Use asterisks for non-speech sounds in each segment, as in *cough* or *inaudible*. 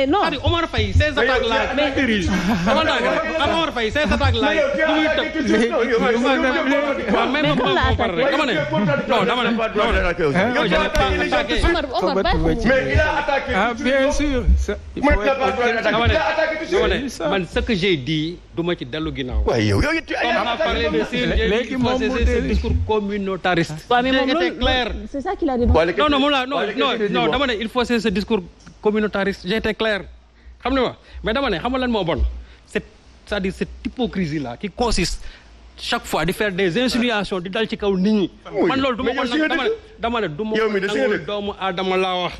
mais non. c'est-à-dire Omar Faye ces attaques là. mais Omar Faye ces attaques là yi. mais mais fan la attaque rek dama ne. non dama ne non mais il a attaqué. ah bien sûr. dama ne man ce que j'ai dit du ma ci dellu ginnaaw. waaye yow yow it léegi moom mu dee discours communautariste. waaw mais moom loolu c'est ça qu'il a dit. non non moom la non non dama ne il faut c'est ce discours. communautariste j'étais clair xam ne ma mais dama ne xam nga lan moo bon c'est c'est-à-dire cette hypocrisie là qui consiste chaque fois di faire des insinuations di dal ci kaw nit man loolu du ma ko dama ne dama ne du ma ko nangul doomu aadama laa wax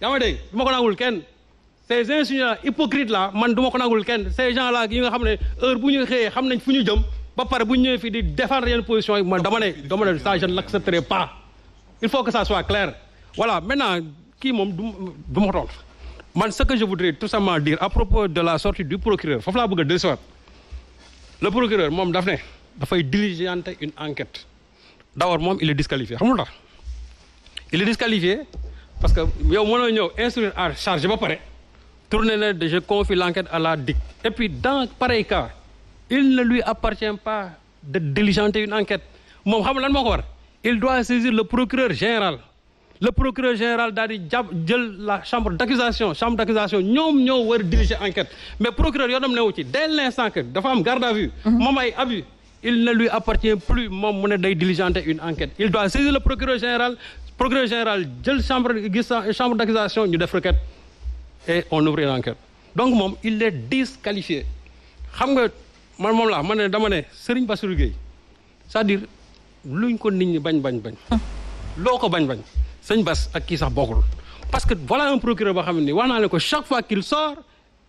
yaa ma dégg ko nangul kenn ces insinuations hypocrites là man du ma ko nangul kenn ces gens là yi nga xam ne heure bu ñu xëyee xam nañ fu ñu jëm ba pare bu ñu ñëwee fii di défendre yenn position yi man dama ne dama ne ça que ça soit clair voilà kii moom du du ma man ce que je voudrais tout simplement dire à propos de la sortie du procureur foofu laa bëgg a dellusiwaat le procureur moom daf ne dafay diligenter une enquête d'abord moom il est disqualifié xam nga tax il est disqualifié parce que yow mënoo ñëw instruire à charge ba pare tourner na de je confie l'enquête à la DIC et puis dans pareil cas il ne lui appartient pas de diligenter une enquête moom xam lan moo ko war il doit saisir le procureur général le procureur général daal di jàpp jël la chambre d' accusation chambre d' accusation ñoom ñoo war diriger enquête mais procureur yoonam newu ci dès l' instant que dafa am garde à vue mhm. moom ay abus il ne lui appartient plus moom mu ne day diligenter une enquête il doit saisir le procureur général procureur général jël chambre gis chambre d' accusation ñu def requête et on ouvre une enquête donc moom il est disqualifié xam nga man moom laa ma ne dama ne Serigne Bassirou Gueye c'est-à-dire luñ ko nit ñi bañ bañ bañ ko bañ bañ sëñ Bass ak kii sax bokkul parce que voilà un procureur boo xam ne wax naa leen ko chaque fois qu'il soor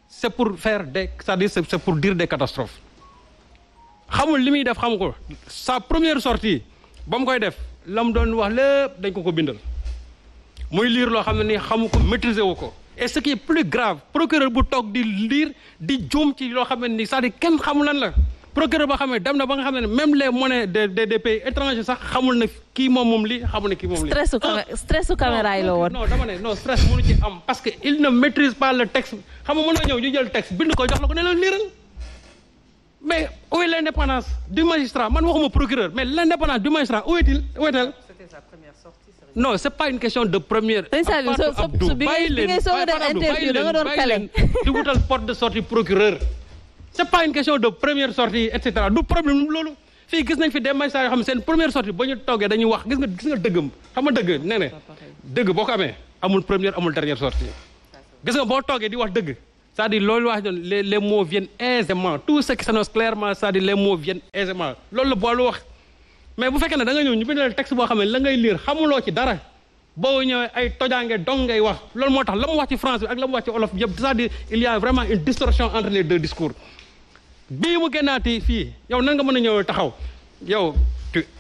c'est pour faire de c'est-à-dire pour dire des catastrophes xamul li muy def xam ko sa première sortie ba mu koy def la mu doon wax lépp dañ ko ko bindal muy liir loo xam ne nii xamu ko maîtriser wu ko et ce qui est plus grave procureur bu toog di liir di juum ci loo xam ne nii cest à kenn xamu lan la procureur boo xam ne dem na ba nga xam ne même les monnaies des des pays étrangers sax xamul na kii moom mom lii xamul na kii moom lii. stressu cam stressu yi la woon. non dama ne non ci am parce que il ne maîtrise pas le texte xam nga mënoo ñëw ñu jël texte bind ko jox la ko ne la liiral mais où est l' indépendance du magistrat man waxuma procureur mais l' indépendance du magistrat où est-il où est-elle. non c' est pas une question de première. Abdou bàyyi leen Abdou bàyyi leen di wutal c' est pas une question de première sortie et cetera du problème loolu fii gis nañ fi des magistrats yoo xam ne seen première sortie ba ñu toogee dañuy wax gis nga gis nga dëgg nee dëgg boo ko amee amul première amul dernière sortie gis nga boo toogee di wax dëgg c'est-à-dire loolu wax noonu les les mots viennent aisément tout ce qui s'annonce clairement cest dire les mots viennent aisément loolu la boolu wax mais bu fekkee ne da nga ñëw ñu bindal boo xam ne la ngay lire xamuloo ci dara boo ñëwee ay tojaange dong ngay wax loolu moo tax la mu wax ci France bii mu génnaatee fii yow nan nga mën a ñëw taxaw yow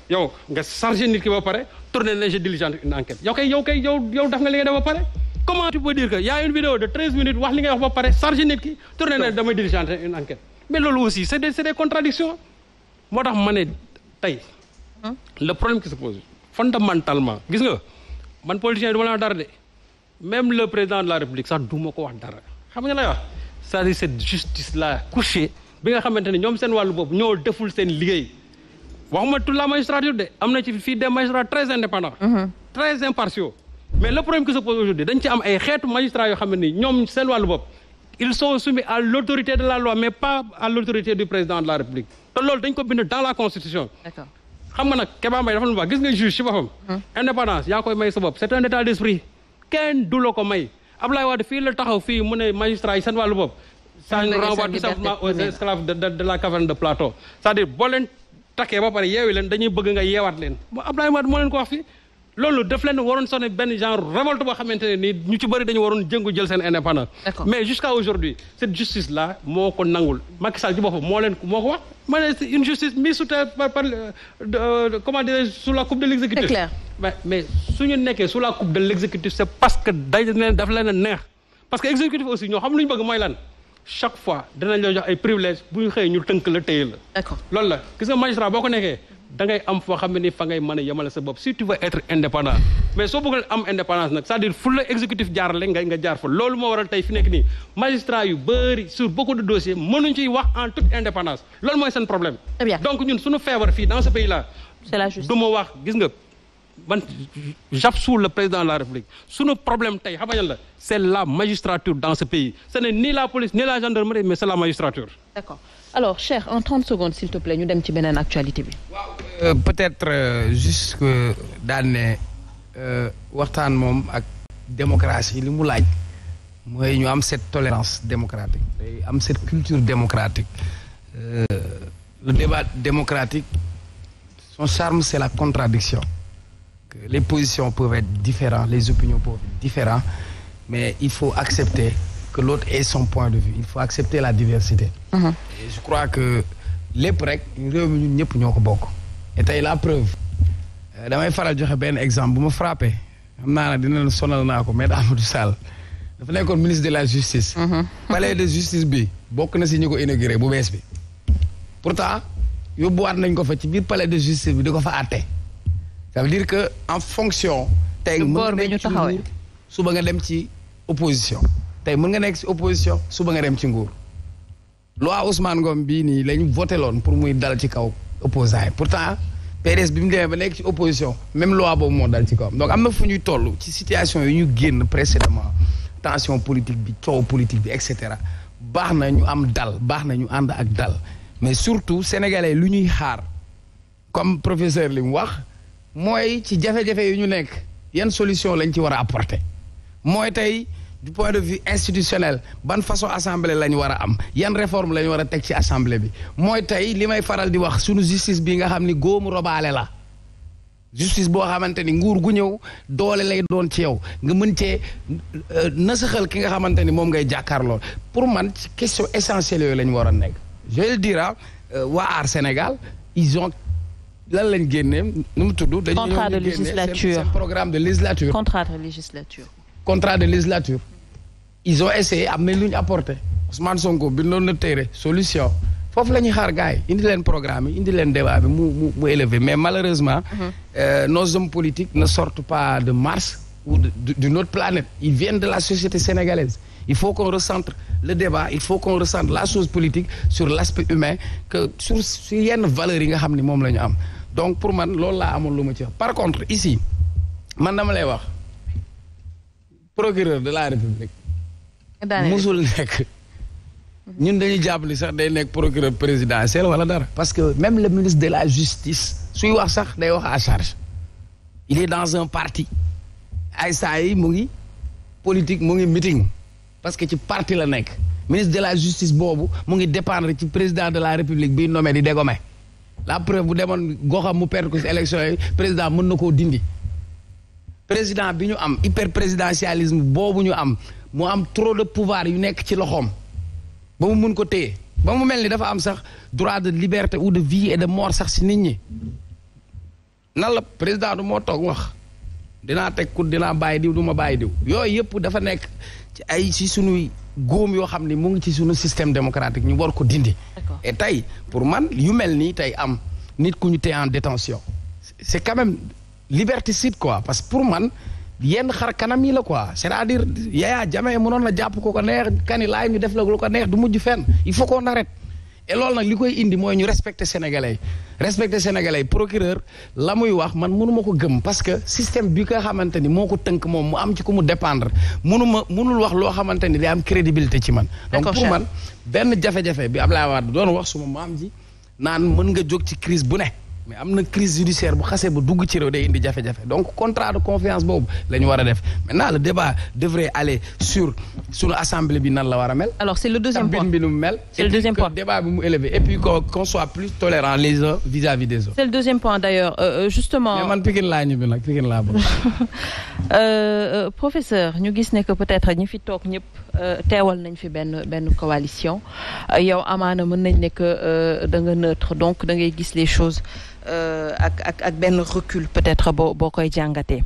yow nga chargé nit ki ba pare tourné léger diligence une enquête yow kay yow kay yow yow daf nga li nga def ba pare comment tu peux dire que y a une vidéo de 13 minutes wax li ngay wax ba pare chargé nit ki tourné na damay diligence une enquête mais loolu aussi c'est des c'est moo tax ma ne tey le problème qui se pose fondamentalement gis nga man politicien du ma la dara de même le président la république sax du ma ko wax dara xam nga lay wax cest à bi nga xamante ne ñoom seen wàllu bopp ñoo deful seen liggéey waxuma toute la magistrature de am na ci fii des magistrats très indépendants. Mhm. très impartiaux. mais le problème qui se pose aujourd'hui dañ ci am ay xeetu magistrats yoo xam ne ñoom seen wàllu bopp ils sont soumis à l'autorité de la loi mais pas à l'autorité du président de la république te loolu dañ ko bind dans la constitution. d'accord xam nga nag Kéba Mbaye dafa lu baax gis nga juge ci mhm. koy may sa bopp c'est un état d'esprit kenn fii la taxaw fii mu ne magistrats yi seen wàllu bopp. ça nous renvoie tout simplement dire boo leen takkee ba pare yeewi leen dañuy bëgg nga yeewaat leen bu Abdoulaye Wade moo leen ko wax fii loolu daf leen waroon sonné benn genre révolte boo xamante ne nii ñu ci bëri dañu waroon jëngu jël seen indépendance mais jusqu'à aujourd'hui cette justice là moo ko nangul Macky Sall ci boppam moo leen moo ko wax ma ne une justice mise sous terre par euh, euh, comment dire sous la coupe de l'exécutif c'est mais mais suñu nekkee sous la coupe de l'exécutif c'est parce que dañ daf xam lu ñu bëgg mooy lan chaque fois danañ la jox ay privilèges bu ñu ñu tënk la téye la. d'accord loolu la gis nga magistrat boo ko nekkee da ngay am foo xam ne ni fa ngay mën a yemale sa bopp si tu veux mais soo bëggoon am indépendance nag c'est-à-dire fu la exécutif jaarale nga nga jaar fa loolu moo waral tey fi nekk nii magistrat yu bëri sur beaucoup de dossiers mënuñ ciy wax en toute indépendance loolu mooy seen problème. donc ñun suñu feebar fii dans sa pays là. c'est la justice du ma wax gis nga. man j'absous le président de la République suñu problème tey xam la c' est la magistrature dans ce pays ce n'est ni la police ni la gendarmerie mais c' est la magistrature. d' accord alors Cheikh en 30 secondes s'il te plaît ñu dem ci beneen actualité bi. Euh, peut-être euh, juste que daan ne euh, waxtaan moom ak démocratie li mu laaj mooy ñu am cette tolérance démocratique am cette culture démocratique le débat démocratique son charme c' la contradiction les positions peuvent être différentes, les opinions peuvent être différentes, mais il faut accepter que l'autre ait son point de vue. Il faut accepter la diversité. Mhm. je crois que lépp rek réew mi ñu ñëpp ñoo ko bokk. et tey la preuve euh, damay faral joxe benn exemple bu ma frappé xam naa ne dina sonal naa ko mais Amadou Sall dafa nekkoon ministre de la justice. Mhm. palais de justice bi bokk na si ñu ko inauguré bu bees bi. pourtant yóbbuwaat nañ ko fa ci biir palais de justice bi di ko fa àtte. ça veut dire que en fonction. tey mën nga nekk ci nguur suba nga dem ci opposition. tey mën nga nekk ci opposition suba nga dem ci nguur. loi Ousmane ngoom bii nii la ñu voté loon pour muy dal ci kaw opposant yi pourtant PDS bi mu demee ba nekk ci opposition même loi boobu moo dal ci kawam donc am na fu ñuy toll ci situation yi ñu génn précédemment tension politique bi coow politique bi et cetera baax na ñu am dal baax na ñu ànd ak dal mais surtout sénégalais lu ñuy xaar comme professeur li mu wax. mooy ci jafe-jafe yi ñu nekk yan solution lañ ci war a apporter mooy tey du point de vue institutionnel ban façon assemblée la ñu war a am yan réforme la ñu war a teg ci assemblée bi mooy tey li may faral di wax sunu justice bi nga xam ni góomu robaale la justice boo xamante ni nguur gu ñëw doole lay doon ci yow nga mën cee euh, nasaxal ki nga xamante ni moom ngay jàkkaarloo pour man ci question essentielle yooyu la ñu war a nekk je le dira euh, waa Aar Sénégal ison lan lañ génne nu mu tudd. dañu contrat de législature programme de législature. contrat de législature. contrat de législature. ils ont essayé am nañ lu ñu apporté Ousmane Sonko bindoon na téere solution foofu la ñuy xaar gars yi indi leen programme yi indi leen débat bi mu mu mais malheureusement. Mhm. Euh, nos hommes politiques ne sortent pas de Mars ou de d'une autre planète. ils viennent de la société sénégalaise. il faut qu'on recentre le débat il faut qu'on recentre la chose politique sur l'aspect humain que sur yenn valeurs yi nga xam ne moom la ñu am donc pour man loolu laa amoon lu ma ci wax par contre ici man dama lay wax procureur de la république. musul nekk. ñun dañuy jàpp ni sax day nekk procureur présidentiel wala dara. parce que même le ministre de la justice suy wax sax day wax à charge il est dans un parti ay saa yi mu ngi politique mu ngi meeting parce que ci parti la nekk ministre de la justice boobu mu ngi dépendre ci président de la république bi nommé di dégomé. la preuve bu demoon goxam mu perdre ko si élection yi président mën na koo dindi président bi ñu am hyper présidentialisme boobu ñu am mu am trop de pouvoir yu nekk ci loxoom ba mu mun ko téye ba mu mel ni dafa am sax droit de liberté ou de vie et de mort sax si nit ñi nan la président du moo toog wax dinaa teg ku dinaa bàyyi diw du ma bàyyi diw yooyu yëpp dafa nekk ci ay si sunuy góom yoo xam ne mu ngi ci suñu système démocratique ñu war ko dindi et tey pour man yu mel nii tey am nit ku ñu téye en détention c'est quand même liberticide quoi parce que pour man yen xar kanam yi la quoi c'est-à-dire Yaya Jammeh mënoon na jàpp ko ko neex Kani laay ñu def la lu ko neex du mujj fen il faut qu'on arrête et loolu nag li koy indi mooy ñu respecter sénégalais yi respecter sénégalais yi procureur la wax man mënuma ko gëm parce que système bi nga xamante ni moo ko tënk moom mu am ci ku mu dépendre mënuma munul wax loo xamante ni day am crédibilité ci man donc pour man benn jafe-jafe bi Ablaye Wade doon wax suma maam ji naan mën nga jóg ci crise bu ne mais am na crise judiciaire bu xasee ba dugg ci réew day indi jafe-jafe donc contrat de confiance boobu la ñu war a def maintenant débat devrait aller sur assemblée bi nan la war a mel. alors c'est le deuxième point c'est le deuxième point d'ailleurs euh, euh, justement. mais man Pikine laa ñibbi nag Pikine laa bëgg. *laughs* Euh, professeur ñu gis ne peut-être ñi fi toog ñëpp. Euh, teewal nañ fi benn benn coalition euh, yow amaana mën nañ nekk euh, da nga donc da ngay gis les choses ak ak ak benn recul peut-être boo boo koy jàngatee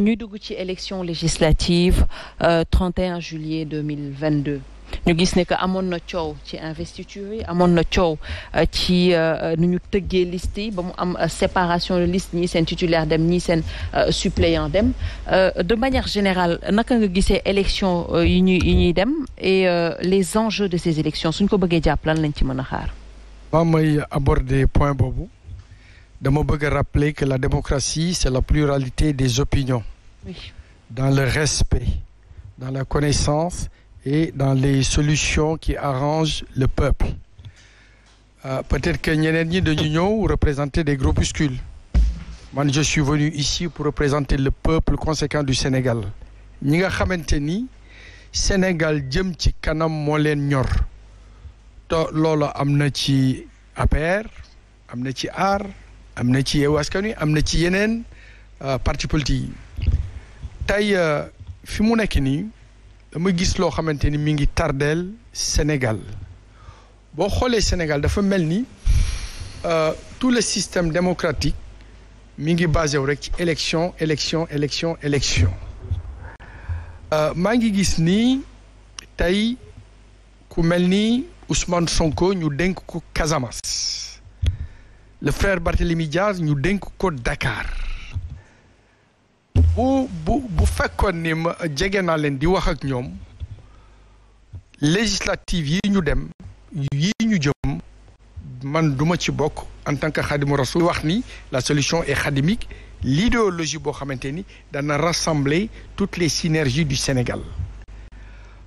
ñuy dugg ci élection législative 31 juillet 2022 ñu gis ne que amoon na coow ci investiture yi amoon na coow euh, ci euh, euh, nu ñu tëggee liste yi ba mu am séparation de liste ñii seen titulaire dem ñii seen suppléant dem de manière générale naka nga gisee élection yi ñuy ñuy dem et les enjeux de ces élections suñ ko bëggee jàpp lan lañ ci mën a xaar. ba may aborder point boobu dama bëgg a rappeler que la démocratie c'est la pluralité des opinions. Oui. dans le respect dans la connaissance et dans les solutions qui arrangent le peuple euh, peut-être que ñeneen ñi dañu ñëw représenter des groupuscules man je suis venu ici pour représenter le peuple conséquent du Sénégal ñi nga xamante ni Sénégal jëm ci kanam moo ñor te loolu am na ci APR am na ci AAR am na ci Yewwi Askan am na ci yeneen euh, parti politique yi tey euh, fi mu nekk nii dama gis loo xamante ni mi ngi tardeel Sénégal boo xoolee Sénégal dafa mel ni euh, tout le système démocratique mi ngi basé wu rek ci élection élection élection élection euh, maa ngi gis ni tey ku mel ni Ousmane Sonko ñu dénk ko Casamance le frère Barthélémy Diaz ñu dénk ko Dakar bu bu bu fekkoon ni ma jege naa leen di wax ak ñoom législative yi ñu dem yi ñu jëm man duma ci bokk en tant que xadimu rasul wax ni la solution est xadimique l'idéologie boo xamante ni dana rassembler toutes les synergies du Sénégal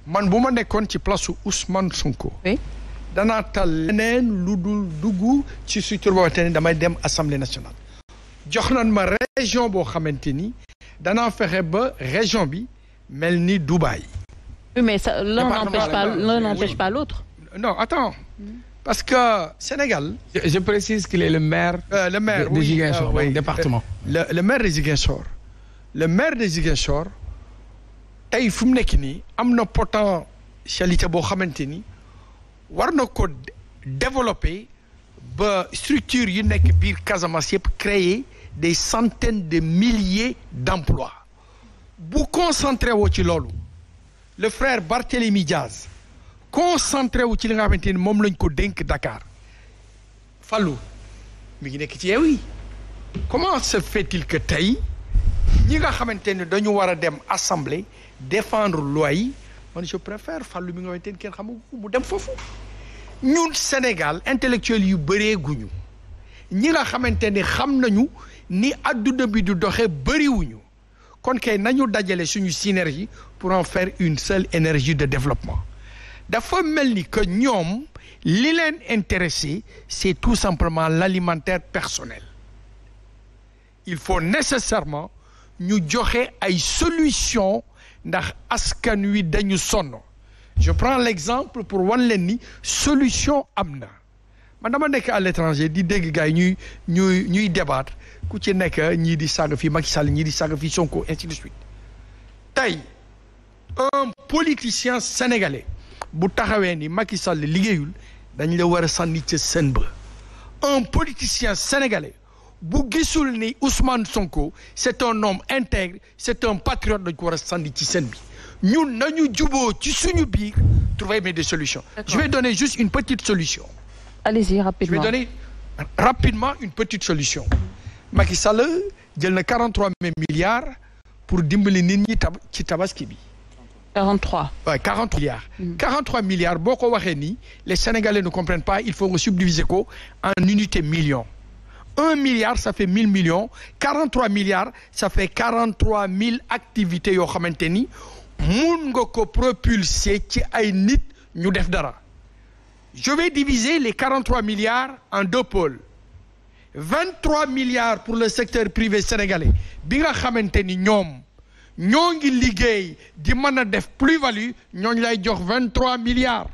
man bu ma nekkoon ci place Ousmane Sonko danaa tal leneen lu dul dugg ci structure boo xamante damay dem assemblée nationale jox nañ ma région boo xamante ni danaa fexe ba région bi mel ni Dubaï. mais ça l'un n'empêche pas l'autre. non attends parce que Sénégal. je, je précise qu'il est le maire. Euh, le maire euh, département. Euh, le le maire de Ziguinchor le maire de Ziguinchor tey fu mu nekk nii am na potentialité boo xamante ni war na ko développer ba structure yi nekk biir Casamance yëpp créer. des centaines de milliers d'emplois bu concentré woo ci loolu le frère Barthélémy Diaz concentré wu ci li nga xamante ni moom lañ ko dénk Dakar Fallou mi ngi nekk ci yeew yi comment se fait-il que tey ñi nga xamante ne dañu war a dem assemblée défendre loi yi man je préfère Fallou mi nga xamante kenn xamu mu dem foofu ñun Sénégal intellectuel yu bëree ñi nga xamante ni xam nañu ni addu bi du doxe bëriwuñu kon kay nañu dajale suñu synergie pour en faire une seule énergie de développement dafa mel ni que ñoom li leen intéressé c'est tout simplement l'alimentaire personnel il faut nécessairement ñu joxe ay solution ndax askan wi dañu sonn je prends l'exemple pour wan leen ni solution am na man dama nekk à l'étranger di dégg gars yi ñuy ñuy ñuy débattre ku ci nekk ñii di saaga fii Macky Sall ñii di saaga fii Sonko ainsi de suite tey un politicien sénégalais bu taxawee ni Macky Sall liggéeyul dañu la war a sànni ca seen ba un politicien sénégalais bu gisul ni Ousmane Sonko c'est un homme intègre c'est un patriote dañ ko war a sànni ci seen bi ñun nañu juboo ci suñu biir trouver des solution je vais donner juste une petite solution allez-y rapidement je vais donner rapidement une petite solution. Macky Sall jël na 43 milliards pour dimbali nit ñi tab ci tabaski bi. 43 waaw 43 milliards. 43 mm. milliards boo ko waxee nii les Sénégalais ne comprennent pas il faut nga subdiviser ko en unité million. 1 milliard ça fait million millions 43 milliards ça fait activités yoo xamante ni mun nga ko propulser ci ay nit ñu def dara. je vais diviser les 43 milliards en deux pôles 23 milliards pour le secteur privé sénégalais bi nga xamante ni ñoom ñoo ngi liggéey di mën a def plus-value ñooñu lay jox 23 milliards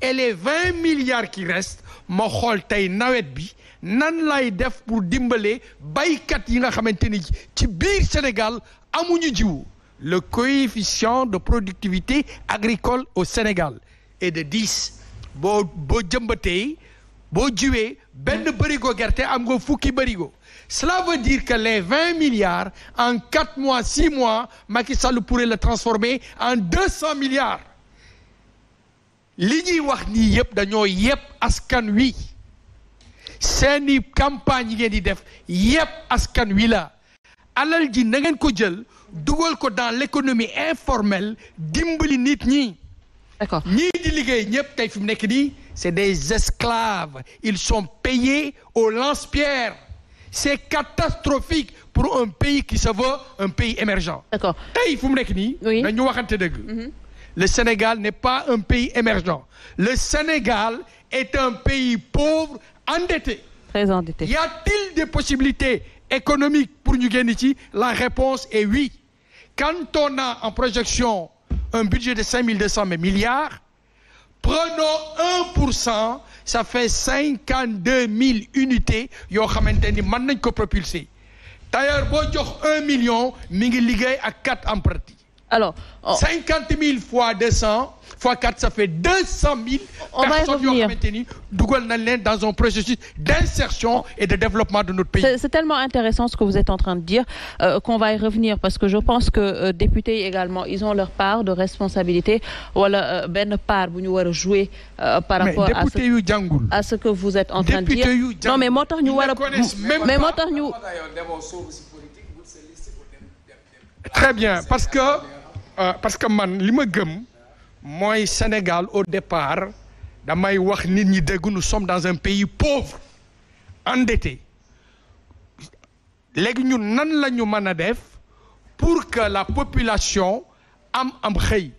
et les 20 milliards qui restent ma xool tey nawet bi nan lay def pour dimbale baykat yi nga xamante ni ci Sénégal amuñu jiwu le coefficient de productivité agricole au Sénégal est de 10 boo boo jëmbatee boo jiwee benn bërigo gerte am nga fukki bërigo cela veut dire que les vingt milliards en quatre mois six mois Macky Sall pourrait le transformer en deux cent milliards li ñuy wax nii yëpp dañoo yëpp askan wi seeni campagne yi ngeen di def yëpp askan wi la alal ji na ngeen ko jël dugal ko dans l'économie informelle dimbali nit ñi d'accord ñii di liggéey ñëpp tey fi mu nekk nii c'est des esclaves ils sont payés au lance-pierre c'est catastrophique pour un pays qui se veut un pays émergent d'accord tey mu nekk nii dañu waxante dëgg mhm. le Sénégal n'est pas un pays émergent le Sénégal est un pays pauvre endetté très endetté y a-t-il des possibilités économiques pour ñu génn ci la réponse est oui quand on a en projection un budget de 5200 milliards prenons 1 pour cent ça fait 52 000 unités yoo xamante ni mën nañ ko propulser d'ailleurs boo jox 1 million mi ngi liggéey ak 4 apprentis alors 50 000 fois 4 ça fait 200 000 on personnes yoo ni dugal nañ leen dans un processus d'insertion et de développement de notre pays c'est tellement intéressant ce que vous êtes en train de dire euh, qu'on va y revenir parce que je pense que euh, députés yi également ils ont leur part de responsabilité wala euh, benn part bu ñu war a jouer euh, par rapport à ce, yu jàngul à que vous êtes en train de dire yu non mais moo tax ñu war a mais moo tax ñu très bien parce que euh, parce que man li ma gëm mooy Sénégal au départ damay wax nit ñi dégg nous sommes dans un pays pauvre endetté léegi ñun nan la ñu mën a def pour que la population am am xëy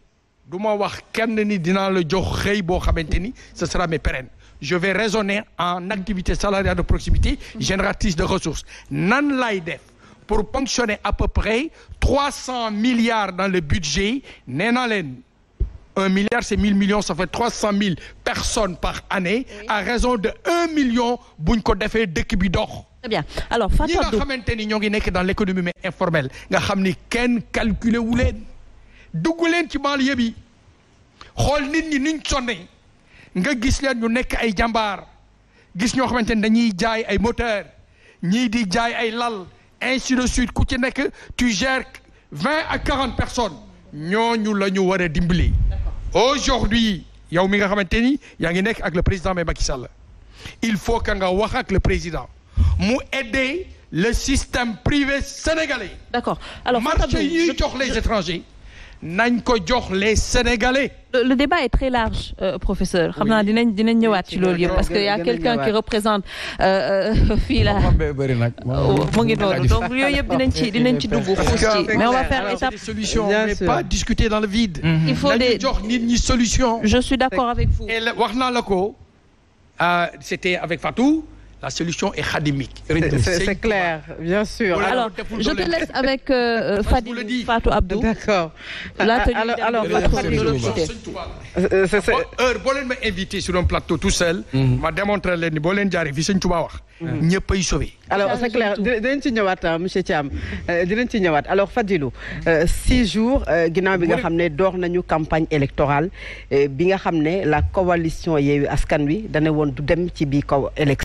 du ma wax kenn ni dinaa la jox xëy boo xamante ni ce sera mes pérenne je vais raisonner en activité salariale de proximité génératrice de ressources nan lay def pour ponctionner à peu près trois cent milliards dans le budget nee na Un milliard, c'est 1000 millions, ça fait 300 000 personnes par année à raison de 1 million buñ ko defee dëkk bi dox. alors Fatou Abdou ñi nga xamante ni ñoo ngi nekk dans l'économie mais informelle nga xam ni kenn calculé wu leen dugg leen ci banlieue bi xool nit ñi nuñ sonne nga gis leen ñu nekk ay jàmbaar gis ñoo xamante ni dañuy jaay ay moteur ñii di jaay ay lal ainsi de suite ku ci nekk tu gères vingt à quarante personnes ñooñu la ñu war a dimbali. aujourd'hui yow mi nga xamante ni yaa ngi nekk ak le président mais Macky Sall il faut que nga wax ak le président mu aider le système privé sénégalais. d'accord alors marché yi ñuy les étrangers. nañ ko jox les sénégalais. le débat est très large euh, professeur. xam naa dinañ dinañ ñëwaat ci loolu yëpp. parce que y' a quelqu'un qui représente euh, euh, *laughs* fii la. *laughs* Oh, mu ngi noonu donc yooyu yëpp dinañ ci dinañ ci dugg. mais on va faire étape. solution mais pas discuter dans le vide. il faut des jox nit ñi solution. je suis d'accord avec vous. et wax naa la ko euh, c'était avec Fatou. La solution est khadimique. C'est clair, bien sûr. Alors, je te laisse avec euh, Fadi Fatou Abdou. D'accord. Alors, alors heure boo leen ma invité sur un plateau tout mm-hmm. ma démontrer leen ni boo leen jaaree fii sëñ Touba wax. Mm-hmm. ñëpp ay sauvé. alors c'est clair dinañ ci am euh, monsieur Thiam euh, ci ñëwaat alors Fadilou euh, six jours ginnaaw bi nga xam ne door nañu campagne électorale bi nga xam ne la coalition Yewwi Askan Wi dana woon du dem ci bii kaw élection.